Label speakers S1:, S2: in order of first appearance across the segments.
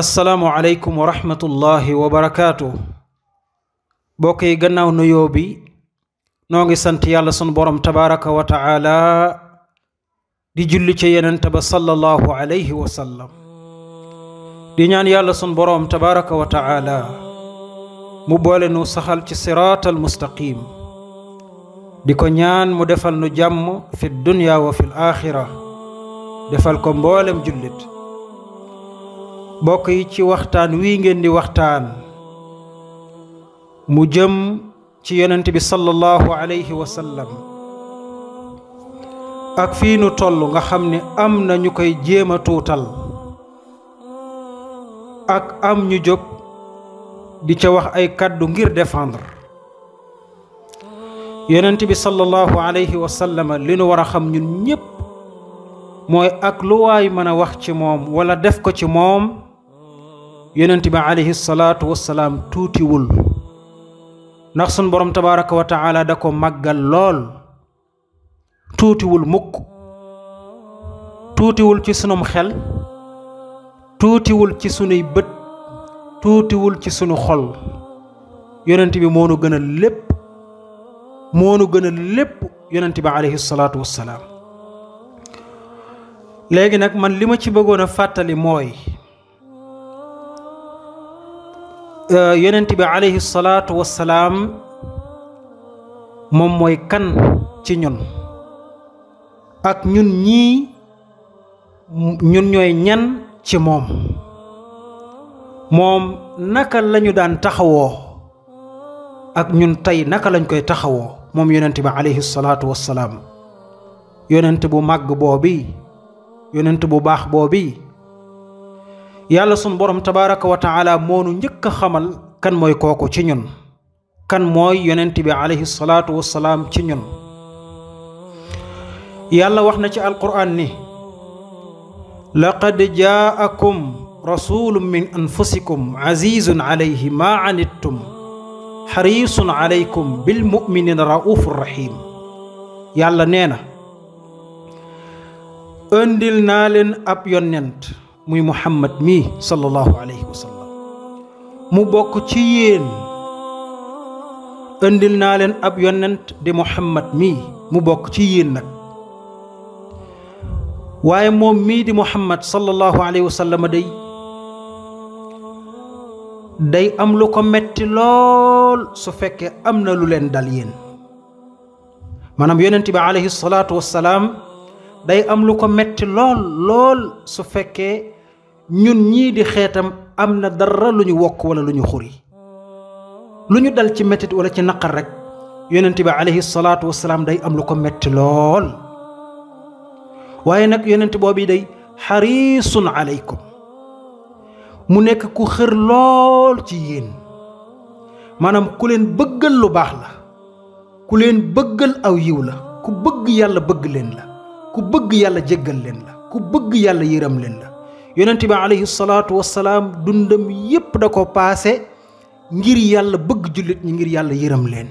S1: asalaamu aleykum wa rahmatullahi wa barakaatu bokk yi gannaaw nuyoo bi noo ngi sant yàlla sunu borom tabaraka wa taala di julli ci yenente ba sallallahu alayhi wa sallam di ñaan yàlla sunu borom tabaraka wa taala mu boole nu saxal ci siraatal mustaqim di ko ñaan mu defal nu jàmm fi dunya wa fil axira defal ko mboolem jullit bokk yi ci waxtaan wii ngeen di waxtaan mu jëm ci yonent bi sallallahu alayhi wa ak fii nu toll nga xam ne am na ñu koy jéem a tuutal ak am ñu jóg di ca wax ay kàddu ngir défendre yonent bi sallallahu alayhi wa li nu war a xam ñun ñépp mooy ak lu waay mën a wax ci moom wala def ko ci moom yonent bi alayhi salaatu wassalaam tuutiwul ndax suñu borom tabaraka wa taala da ko màggal lool tuutiwul mukk tuutiwul ci sunum xel tuutiwul ci sunuy bët tuutiwul ci sunu xol yonent bi moo nu gën a lépp moo nu gën a lépp yonent bi alayhi salaatu wassalaam léegi nag man li ma ci bëggoon a fàttali mooy Eh, yonent bi alayhi salaatu wassalaam moom mooy kan ci ñun ak ñun ñii ñun ñooy ñan ci moom moom naka lañu daan taxawoo ak ñun tey naka lañ koy taxawoo moom yonent bi alayhi salaatu wassalaam yonent bu màgg boobi yonent bu baax boobi yàlla sunu borom tabaaraka wa taala moonu njëkk a xamal kan mooy kooku ci ñun kan mooy yonent bi alayhi salaatu salaam ci ñun yàlla wax na ci alquraan ni laqad jaakum rasulun min anfusikum azizun alayhi ma anittum xarisun alaykum bil muminina raufur rahim yàlla nee na naa leen ab yonent muy muhammad mii sallallahu alayhi wa sallam mu bokk ci yéen indil naa leen ab yonent di muhammad mii mu bokk ci yéen nag waaye moom mii di muhammad sallallahu alayhi wa sallam day am lu ko metti lool fekkee am na lu leen dal yéen day am lu ko metti lool lool su fekkee ñun ñii di xeetam am na dara lu ñu wokk wala lu ñu xuri lu ñu dal ci mettit wala ci naqar rek yonent bi alayhi salaatu wasalaam day am lu ko metti lool waaye nag yonent boobu day xariisun aleykum mu nekk ku xër lool ci yéen maanaam ku leen bëggal lu baax la ku leen bëggal aw yiw la ku bëgg yàlla bëgg leen la ku bëgg yàlla jéggal leen la ku bëgg yàlla yëram leen la yonent bi alayhi salaatu wasalaam dundam yépp da ko paase ngir yàlla bëgg jullit ñi ngir yàlla yërëm leen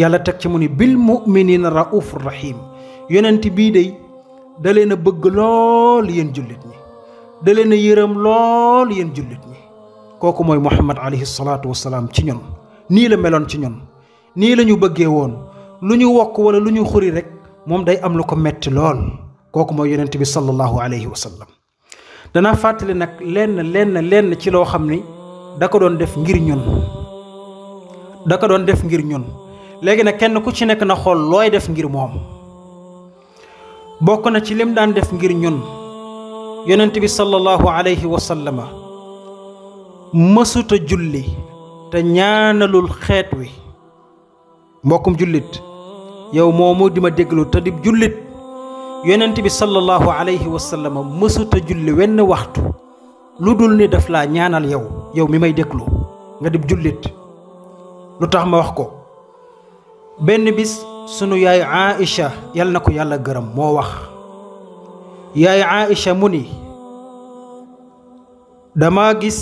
S1: yàlla teg ci mu ni bil muminina raufur rahim yonent bii day da leen bëgg lool yéen jullit ñi da leen yërëm lool yéen jullit ñi kooku mooy muhammad alayhi salaatu wasalaam ci ñun nii la meloon ci ñun nii lañu ñu bëggee woon lu ñu wokk wala lu ñu xuri rek moom day am lu ko metti lool kooku mooy yonent bi sallallahu alayhi wa danaa fàttali nag lenn lenn lenn ci loo xam ni da doon def ngir ñun da doon def ngir ñun léegi nag kenn ku ci nekk na xool looy def ngir moom bokk na ci lim daan def ngir ñun yonent bi sallallahu alayhi wa sallama mësuta julli te ñaanalul xeet wi mbokkum jullit yow moomu di ma déglu te di jullit yonent bi sallallahu alayhi wa sallam mësuta julli wenn waxtu lu dul ni daf laa ñaanal yow yow mi may déglu nga dib jullit lu tax ma wax ko benn bis sunu yaay Aïcha yal na ko yàlla gërëm moo wax yaay Aïcha mu ni dama gis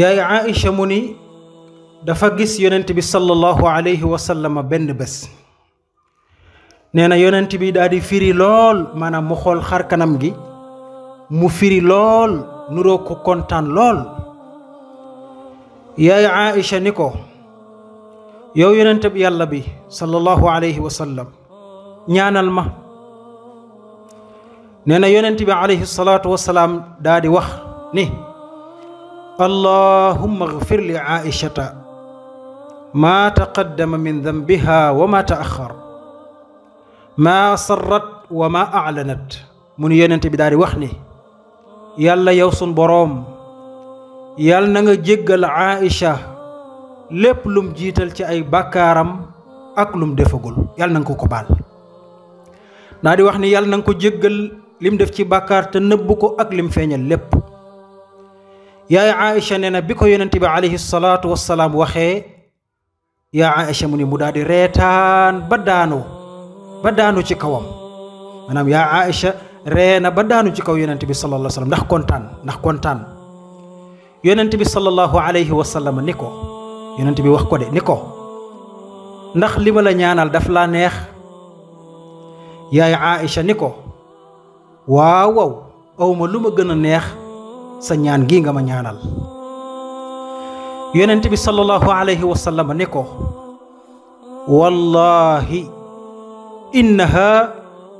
S1: yaay Aïcha mu ni dafa gis yonent bi sallallahu alayhi wa sallam benn bés nee na yonent bi daal firi lool maanaam mu xool xar kanam gi mu firi lool nuroo ko kontaan lool yaay Aïcha ni ko yow yonent bi yàlla bi sallallahu alayhi wa sallam ñaanal ma nee na yonent bi alayhi salaatu wa salaam daa wax ni allahumma agfir li aïchata maa taqaddama min dambiha wa ma taaxar ma sarrat wa maa aclanat mu nu yonent bi daal di wax ni yàlla yow sun boroom yàlla na nga jéggal Aïcha lépp lum jiital ci ay bakkaaram ak lum defagul yàlla na ko ko baal di wax ni yàlla na nga ko jéggal lim def ci bàkkaar te nëbb ko ak lim feeñal lépp yaay Aïcha nee na bi ko yonent bi alayhi salaatu wassalaam waxee yaa Aïcha mu ni mu daal di reetaan ba daanoo ba daanu ci kawam maanaam yaa Aïcha ree na ba daanu ci kaw yonent bi sallallahu alayhi wa ndax kontaan ndax kontaan yonent bi sallallahu alayhi wa sallam ni ko yonent bi wax ko de ni ko ndax li ma ñaanal daf laa neex yaay Aïcha ni ko waaw waaw awma lu ma gën a neex sa ñaan gi nga ma ñaanal yonent bi sallallahu alayhi wa ni ko wallahi innaha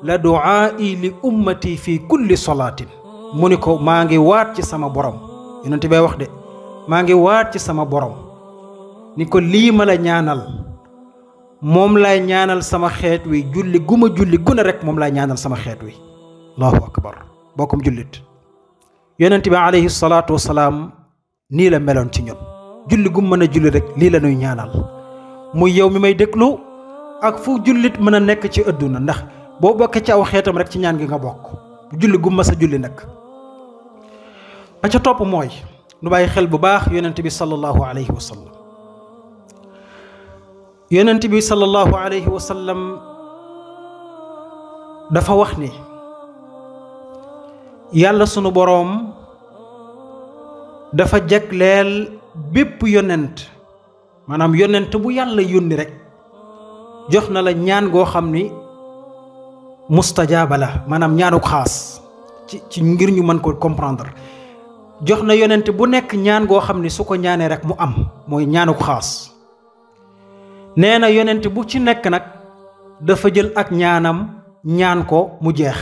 S1: la duaai li ummati fi kulli solaatin mu ni ko maa ngi waat ci sama borom yonente bay wax de maa ngi waat ci sama borom ni ko lii ma la ñaanal moom laay ñaanal sama xeet wi julli gu ma julli gu ne rek moom laay ñaanal sama xeet wi allahu akbar bokkum jullit yonente bi alayhi salaatu salaam nii la meloon ci ñun julli gu mën a julli rek lii la ñuy ñaanal muy yow mi may déglu ak fu jullit mën a nekk ci adduna ndax boo bokkee ci aw xeetam rek ci ñaan gi nga bokk julli gu mas julli nag ba ca topp mooy nu bàyyi xel bu baax yonent bi sallallahu alayhi wa sallam yonent bi sallallahu alayhi wa sallam dafa wax ni yàlla sunu boroom dafa jagleel bépp yonent maanaam yonent bu yàlla yónni rek jox na la ñaan goo xam ni mustajaaba la maanaam ñaanu xaas ci ci ngir ñu mën ko comprendre jox na yonent bu nekk ñaan goo xam ni su ko ñaanee rek mu am mooy ñaanu xaas nee na yonent bu ci nekk nag dafa jël ak ñaanam ñaan ko mu jeex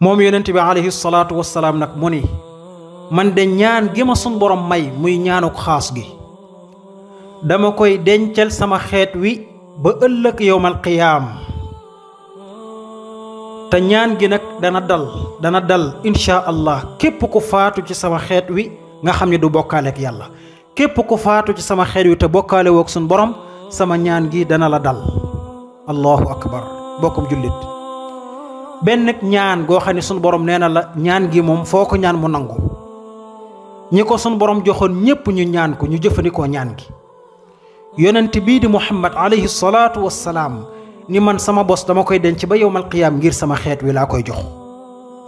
S1: moom yonent bi alayhi salaatu wassalaam nag mu ni man de ñaan gi ma sun may muy ñaanu xaas gi dama koy dencal sama xeet wi ba ëllëg yowmal qiyaam te ñaan gi nag dana dal dana dal insha allah képp ku faatu ci sama xeet wi nga xam ne du bokkaale ak yàlla képp ku faatu ci sama xeet wi te bokkaale woog suñ borom sama ñaan gi dana la dal allahu akbar bokkum jullit benn ñaan goo xam ne suñ borom nee na la ñaan gi moom foo ko ñaan mu nangu ñi ko suñ borom joxoon ñépp ñu ñaan ko ñu jëfandikoo ñaan gi yonent bii di muhammad alayhi salaatu wassalaam ni man sama bos dama koy denc ba yowmal qiyaam ngir sama xeet wi laa koy jox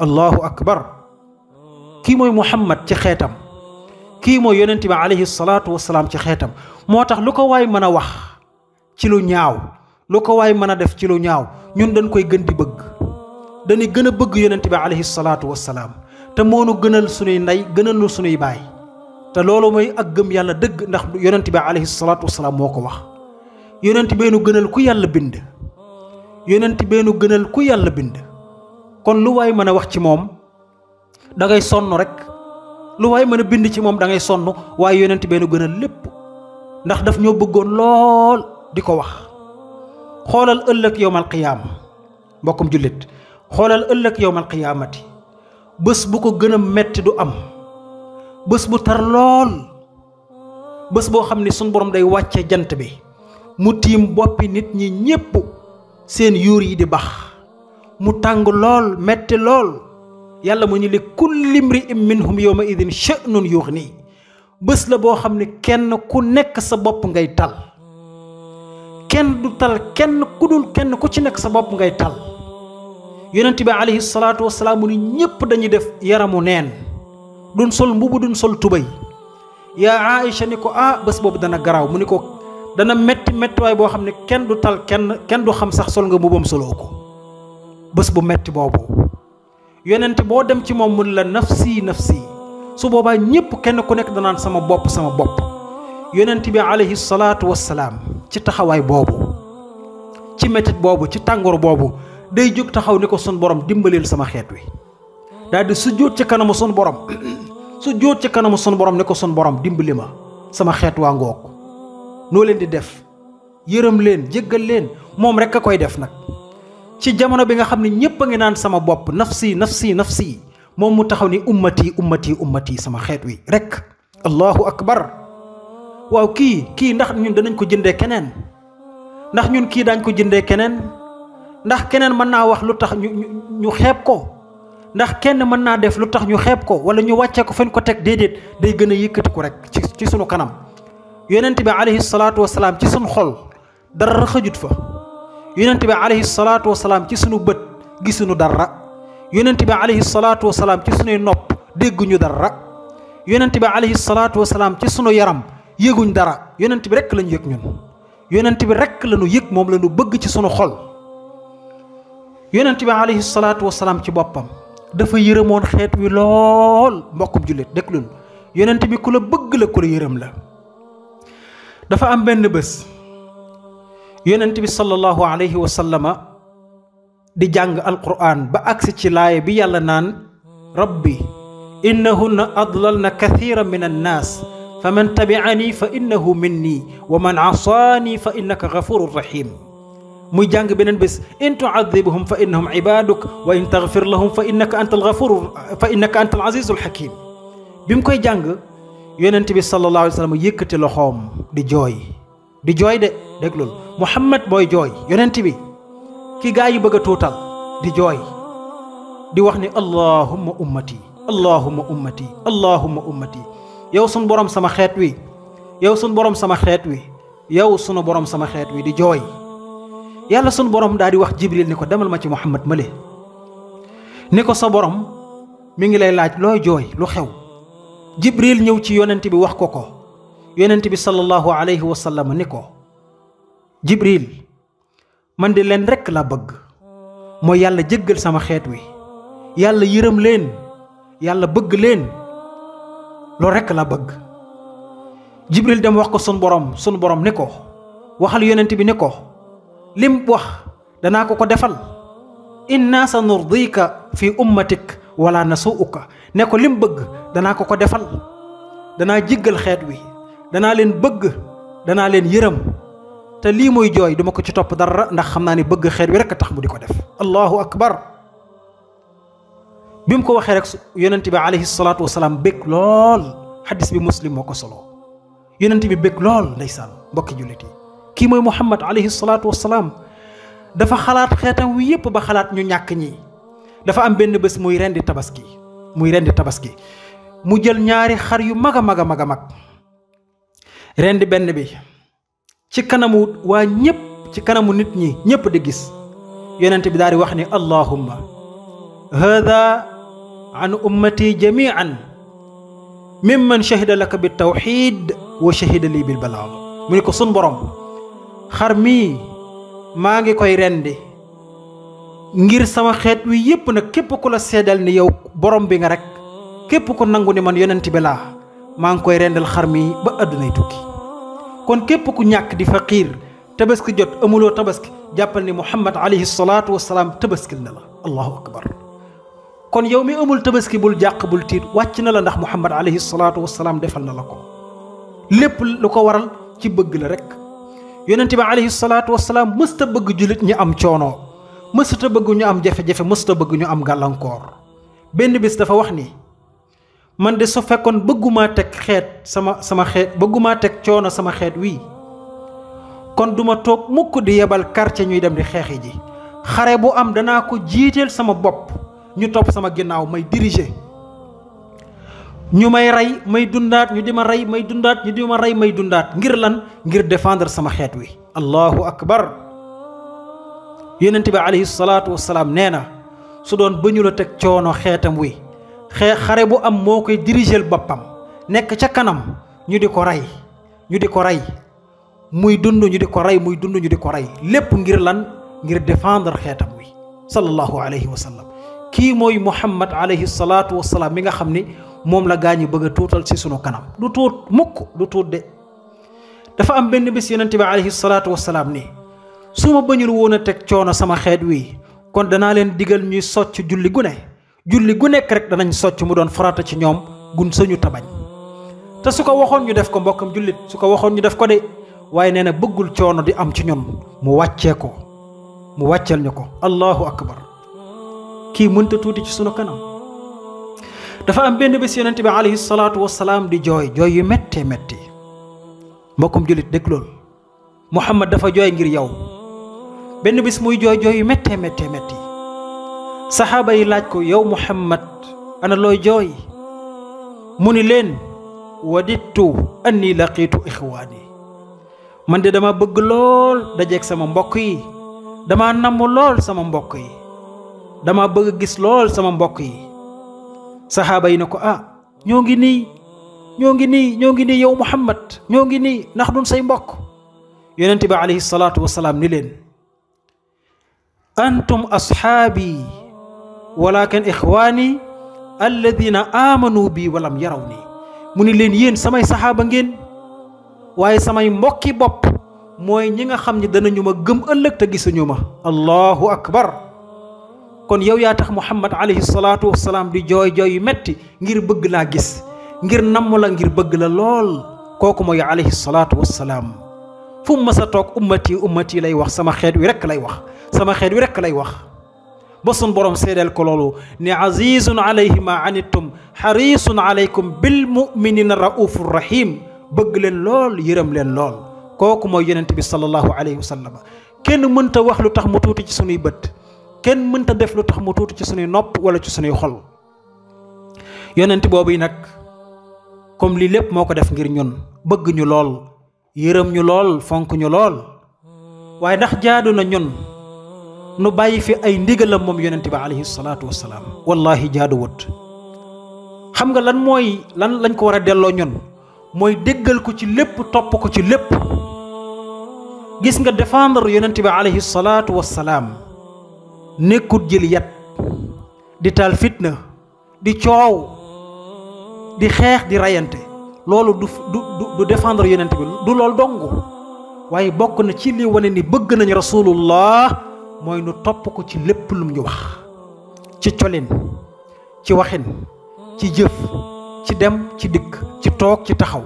S1: allahu akbar kii mooy muhammad ci xeetam kii mooy yonent bi alayhi salaatu wassalaam ci xeetam moo tax lu ko waay mën a wax ci lu ñaaw lu ko waay mën a def ci lu ñaaw ñun dañ koy gën di bëgg dañuy gën a bëgg yonent bi alayhi salaatu wassalaam te moo nu gënal sunuy ndey gënal nu sunuy baay te loolu mooy ak gëm yàlla dëgg ndax yonent bi alayhi salaatu wasalaam moo ko wax yonent bee nu gënal ku yàlla bind yonent bee nu gënal ku yàlla bind kon lu waay mën a wax ci moom dangay sonn rek lu waay mën a bind ci moom da ngay sonn waaye yonent bee nu gënal lépp ndax daf ñoo bëggoon lool di ko wax xoolal ëllëg yowmal qiyaam mbokkum jullit xoolal ëllëg yowmal qiyaamati bés bu ko gën a metti du am bés bu tar lool bés boo xam ne suñ borom day wàcce jant bi mu tiim boppi nit ñi ñépp seen yuur yi di bax mu tàng lool metti lool yàlla mu ñu li yow ma minhum yawma idin sha'nun yughni bés la boo xam ne kenn ku nekk sa bopp ngay tal kenn du tal kenn ku dul kenn ku ci nekk sa bopp ngay tal yonent bi alayhi salaatu wasalaam ni ñépp dañuy def yaramu neen duñ sol mbubu duñ sol tubéy yaa Aïcha ni ko ah bés boobu dana garaaw mu ni ko dana metti mettiwaay boo xam ne kenn du tal kenn kenn du xam sax sol nga mbubam soloo ko bés bu metti boobu yonent boo dem ci moom mun la nafsi nafsi su boobaa ñëpp kenn ku nekk danaan sama bopp sama bopp yonent bi alayhi salaatu wassalaam ci taxawaay boobu ci mettit boobu ci tàngoor boobu day jóg taxaw ni ko sun borom dimbaleel sama xeet wi daal di su jóot ci kanamu sun borom su jóot ci kanamu sun borom ne ko sun borom dimbali ma sama xeet waa ngoog noo leen di def yërëm leen jéggal leen moom rek a koy def nag ci jamono bi nga xam ne ñépp a ngi naan sama bopp nafsi nafsi nafsi moom mu taxaw ni ummati ummati ummati sama xeet wi rek allahu akbar waaw kii kii ndax ñun danañ ko jëndee keneen ndax ñun kii daañ ko jëndee keneen ndax keneen mën naa wax lu tax ñu ñu xeeb ko ndax kenn mën naa def lu tax ñu xeeb ko wala ñu wàccee ko fen ko teg déedéet day gën a ko rek ci ci sunu kanam yonent bi alayhi salaatu wasalaam ci sunu xol dara fa yonent bi alayhi salaatu wasalaam ci sunu bët gisuñu dara yonent bi alayhi salaatu wasalaam ci sunuy nopp dégguñu dara yonent bi alayhi salaatu wasalaam ci sunu yaram yëguñ dara yonent bi rek lañu yëg ñun yonent bi rek lañu yëg moom lañu bëgg ci sunu xol yonent bi alayhi salaatu wasalaam ci boppam dafa yërëmoon xeet wi lool mbokkub jullit déglul yonent bi ku la bëgg la ku la yërëm la dafa am benn bés yonent bi sallallahu alayhi wa sallama di jàng alquran ba agsi ci laay bi yàlla naan rabbi innahunna adlalna kathiran min annaas fa man tabi'ani fa innahu minni wa man asaani fa innaka gafurun rahim muy jàng beneen bés in tuadibhum fa innahum ibaduk wa in taghfir lahum fa innaka anta alghafur fa innaka anta alazizu alhakim bi mu koy jàng yonent bi sallallahu alayhi wa sallam yëkkati loxoom di jooy di jooy de déglul Muhammad booy jooy yonent bi ki gaa yi bëgg a tuutal di jooy di wax ni allahumma ummati allahumma ummati allahumma ummati yow sunu borom sama xeet wi yow sunu borom sama xeet wi yow sunu borom sama xeet wi di jooy yàlla sunu borom daal di wax jibril ni ko demal ma ci Muhammad ma ni ko sa boroom mu ngi lay laaj looy jooy lu xew jibril ñëw ci yonent bi wax ko ko yonent bi sallallahu alayhi wa sallam ni ko jibril man di leen rekk laa bëgg mooy yàlla jëggal sama xeet wi yàlla yërëm leen yàlla bëgg leen loolu rekk laa bëgg jibril dem wax ko sunu borom sunu borom ni ko waxal yonent bi ni ko lim wax danaa ko ko defal inna sa nurdika fi ummatik wala nasuuka ne ko lim bëgg danaa ko ko defal danaa jiggal xeet wi danaa leen bëgg danaa leen yërëm te lii mooy jooy duma ko ci topp dara ndax xam naa ne bëgg xeet wi rek a tax mu di ko def allahu akbar bi mu ko waxee rek yonent bi alayhi salaatu wasalaam bëgg lool xaddis bi muslim moo ko solo yonent bi bëgg lool ndeysaan mbokki jullit yi kii mooy Muhammad alayhi salaatu wassalaam dafa xalaat xeetam wi yépp ba xalaat ñu ñàkk ñi dafa am benn bés muy rendi tabaski muy rendi tabaski mu jël ñaari xar yu mag a mag a mag mag rendi benn bi ci kanamu waa ñëpp ci kanamu nit ñi ñëpp di gis yonent bi daal di wax ni allahumma hada an ummati jamian mimman shahida laka bi tawxid wa shahida lii bil balaam mu ni ko sun borom xar mii maa ngi koy rendi ngir sama xeet wi yépp nag képp ku la seedal ni yow borom bi nga rek képp ku nangu ni man yonent bi laa maa ngi koy rendal xar mii ba àddunay tukki kon képp ku ñàkk di faqiir tabaski jot amuloo tabaski jàppal ni muhammad alayhi salaatu wasalaam tabaskil na la allahu akbar kon yow mi amul tabaski bul jàq bul tiit wàcc na la ndax muhammad alayhi salaatu salaam defal na la ko lépp lu ko waral ci bëgg la rek yonent bi alayhi salaatu wasalaam mësta bëgg jullit ñu am coono mësta bëgg ñu am jafe-jafe mësta bëgg ñu am gàllankoor benn bis dafa wax ni man de soo fekkoon bëggumaa teg xeet sama sama xeet bëggumaa teg coono sama xeet wii kon duma toog mukk di yebal quartier ñuy dem di xeexi ji xare bu am danaa ko jiiteel sama bopp ñu topp sama ginnaaw may diriger ñu may rey may dundaat ñu di ma rey may dundaat ñu ma rey may dundaat ngir lan ngir défendre sama xeet wi allahu akbar yonent bi alayhi salaatu wasalaam nee na su doon ba ñu la teg coono xeetam wi xee xare bu am moo koy dirigeel boppam nekk ca kanam ñu di ko rey ñu di ko rey muy dund ñu di ko rey muy dund ñu di ko rey lépp ngir lan ngir défendre xeetam wi sallallahu alayhi wa sallam kii mooy muhammad alayhi salaatu wasalaam mi nga xam ni moom la gaa ñi bëgg a tuutal ci sunu kanam du tuut mukk du tuut de dafa am benn bis yonent bi alayhi salaatu wasalaam ni su ma bañul woon a teg coono sama xeet wi kon danaa leen digal ñuy socc julli gu ne julli gu nekk rek danañ socc mu doon farata ci ñoom gun sañu tabañ te su ko waxoon ñu def ko mbokkam jullit su ko waxoon ñu def ko de waaye nee na bëggul coono di am ci ñun mu wàccee ko mu wàcceel ñu ko allahu akbar kii mënta tuuti ci sunu dafa am benn bés yonent bi alayhi salaatu wasalaam di jooy jooy yu méttee métti mbokkum jullit dëkk loolu Muhammad dafa jooy ngir yow benn bés muy jooy jooy yu méttee méttee métti saxaaba yi laaj ko yow Muhammad ana looy jooy mu ni leen wadittu anni laqiitu ixwaani man de dama bëgg lool dajeeg sama mbokk yi dama namm lool sama mbokk yi dama bëgg gis lool sama mbokk yi saxaaba yi ne ko ah ñoo ngi nii ñoo ngi nii ñoo ngi nii yow muhammad ñoo ngi nii ndax duñ say mbokk yonent bi alayhi salaatu salaam ni leen antum asxaabi walakin ixwaani alladina amanu bi walam yaraw nii mu ni leen yéen samay saxaaba ngeen waaye samay mbokki bopp mooy ñi nga xam ni dana ñu ma gëm ëllëg te gisuñu ma allahu akbar kon yow yaa tax muhammad alayhi salaatu wasalaam di jooy jooy yu metti ngir bëgg laa gis ngir namm la ngir bëgg la lool kooku mooy alayhi salaatu wasalaam fu mu toog ummati ummati lay wax sama xeet wi rekk lay wax sama xeet wi rekk lay wax ba sun borom seedeel ko loolu ne azizun alayhi ma anittum xarisun alaykum bil muminina raufu rahim bëgg leen lool yërëm leen lool kooku mooy yonent bi sallallahu alayhi wa sallam kenn mënta wax lu tax mu tuuti ci sunuy bët kenn mënta def lu tax mu tuuti ci sunuy nopp wala ci sunuy xol yonent boobu yi nag comme lii lépp moo ko def ngir ñun bëgg ñu lool yërëm ñu lool fonk ñu lool waaye ndax jaadu na ñun nu bàyyi fi ay ndigalam moom yonent bi alayhi salaatu wasalaam wallaahi jaaduwut xam nga lan mooy lan lañ ko war a delloo ñun mooy déggal ko ci lépp topp ko ci lépp gis nga défendre yonent bi alayhi salaatu wasalaam nekkut jël yat di taal fitna di coow di xeex di reyante loolu du du du défendre yonent bi du loolu dong waaye bokk na ci li wane ni bëgg nañu rasulullah mooy nu topp ko ci lépp lum ñu wax ci colin ci waxin ci jëf ci dem ci dikk ci toog ci taxaw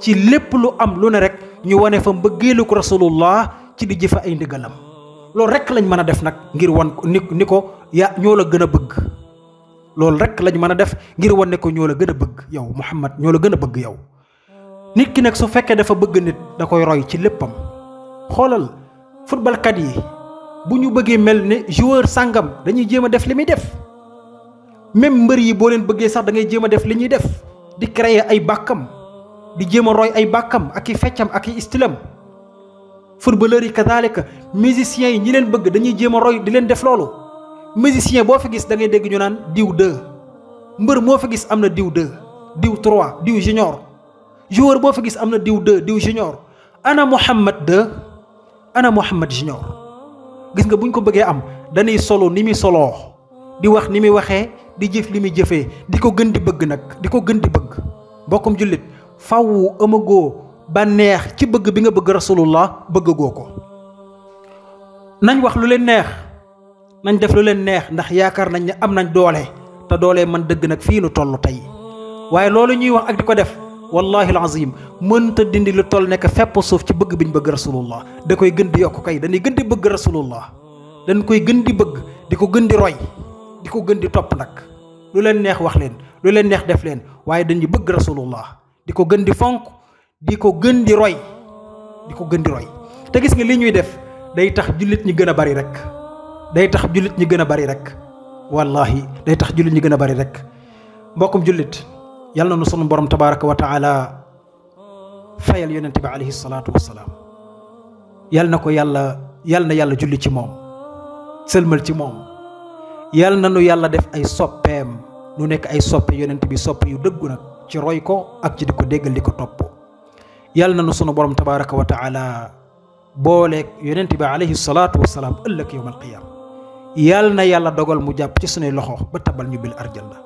S1: ci lépp lu am lu ne rek ñu wane fa mbëggeelu ko rasulullah ci di jëfe ay ndigalam loolu rek lañ mën a def nag ngir wan ni ni ko ya ñoo la gën a bëgg loolu rek lañu mën a def ngir wan ne ko ñoo la gën a bëgg yow Muhammad ñoo la gën a bëgg yow nit ki nag su fekkee dafa bëgg nit da koy roy ci léppam xoolal footballkat yi bu ñu bëggee mel ne joueur sàngam dañuy jéem a def li muy def même mbër yi boo leen bëggee sax da ngay jéem a def li ñuy def di créer ay bàkkam di jéem a roy ay bàkkam ak i feccam ak i istilam footballeur yi kazaalika musiciens yi ñi leen bëgg dañuy jéem a roy di leen def loolu musicien boo fa gis da ngay dégg ñu naan diw 2 mbër moo fa gis am na diw 2 diw 3 diw junior joueur boo fa gis am na diw 2 diw junior ana Mouhamed 2 ana Mouhamed junior gis nga buñ ko bëggee am dañuy solo ni muy soloo di wax ni muy waxee di jëf li muy jëfee di ko gën di bëgg nag di ko gën di bëgg mbokkum jullit faw amagoo neex ci bëgg bi nga bëgg rasulullah bëgg goo ko nañ wax lu leen neex nañ def lu leen neex ndax yaakaar nañ ne am nañ doole te doole man dëgg nag fii nu toll tey waaye loolu ñuy wax ak di ko def wallahi alazim mënta dindi lu toll nekk fepp suuf ci bëgg bi biñ bëgg rasulullah da koy gën di yokk kay dañuy gën di bëgg rasulullah dañ koy gën di bëgg di ko gën di roy di ko gën di topp nag lu leen neex wax leen lu leen neex def leen waaye dañuy bëgg rasulullah di ko gën di fonk di ko gën di roy di ko gën di te gis nga li ñuy def day tax jullit ñi gën a bari rek day tax jullit ñi gën a bari rek wallahi day tax jullit ñi gën a bari rek mbokkum jullit yal na nu sunu borom tabaaraka wa taala fayal yonente bi alayhi salaatu wasalaam yal na ko yàlla yal na yàlla julli ci moom sëlmal ci moom yal na nu yàlla def ay soppeem nu nekk ay soppe yonent bi sopp yu dëggu nag ci roy ko ak ci di ko déggal di ko topp yàlla na nu sunu borom tabaraka wa taala booleeg yonent bi alayhi salaatu wa salaam ëllëg yàlla na yàlla dogal mu jàpp ci sunuy loxo ba tabal ñu bil arjanna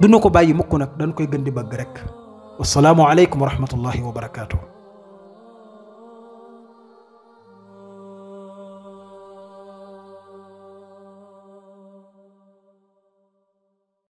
S1: du nu ko bàyyi mukk nag dañ koy gën di bëgg rek wasalaamu aleykum wa rahmatullahi wa barakaatu.